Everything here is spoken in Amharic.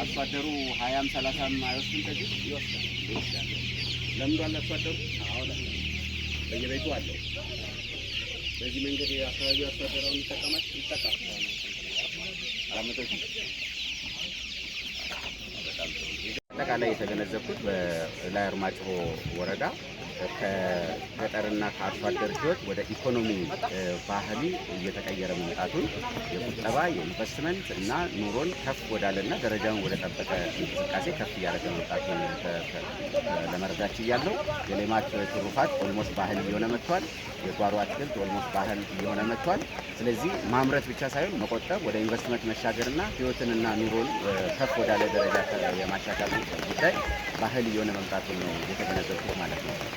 አርሶ አደሩ ሀያም ሰላሳም አይወስድም። ከዚህ ይወስዳል ይወስዳል። አለ አርሶ አደሩ በየቤቱ አለ። በዚህ መንገድ አካባቢ አርሶ አደራውን ይጠቀማል ይጠቀማል። አጠቃላይ የተገነዘብኩት በላይ አርማጭሆ ወረዳ ከገጠርና ከአርሶ አደር ህይወት ወደ ኢኮኖሚ ባህል እየተቀየረ መምጣቱን የቁጠባ የኢንቨስትመንት እና ኑሮን ከፍ ወዳለና ደረጃውን ወደ ጠበቀ እንቅስቃሴ ከፍ እያደረገ መምጣቱን ለመረዳች እያለው የሌማት ትሩፋት ኦልሞስት ባህል እየሆነ መጥቷል። የጓሮ አትክልት ኦልሞስት ባህል እየሆነ መጥቷል። ስለዚህ ማምረት ብቻ ሳይሆን መቆጠብ፣ ወደ ኢንቨስትመንት መሻገርና ህይወትንና ኑሮን ከፍ ወዳለ ደረጃ የማሻሻል ጉዳይ ባህል እየሆነ መምጣቱን ነው የተገነዘብኩት ማለት ነው።